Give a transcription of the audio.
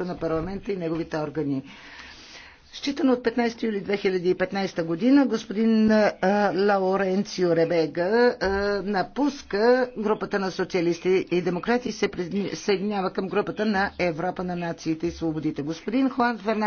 работата на парламента и неговите органи. Считано от 15 юли 2015 година, господин а, Лауренцио Ребега а, напуска групата на социалисти и демократи и се присъединява към групата на Европа на нациите и свободите. Господин Хуан Фернандо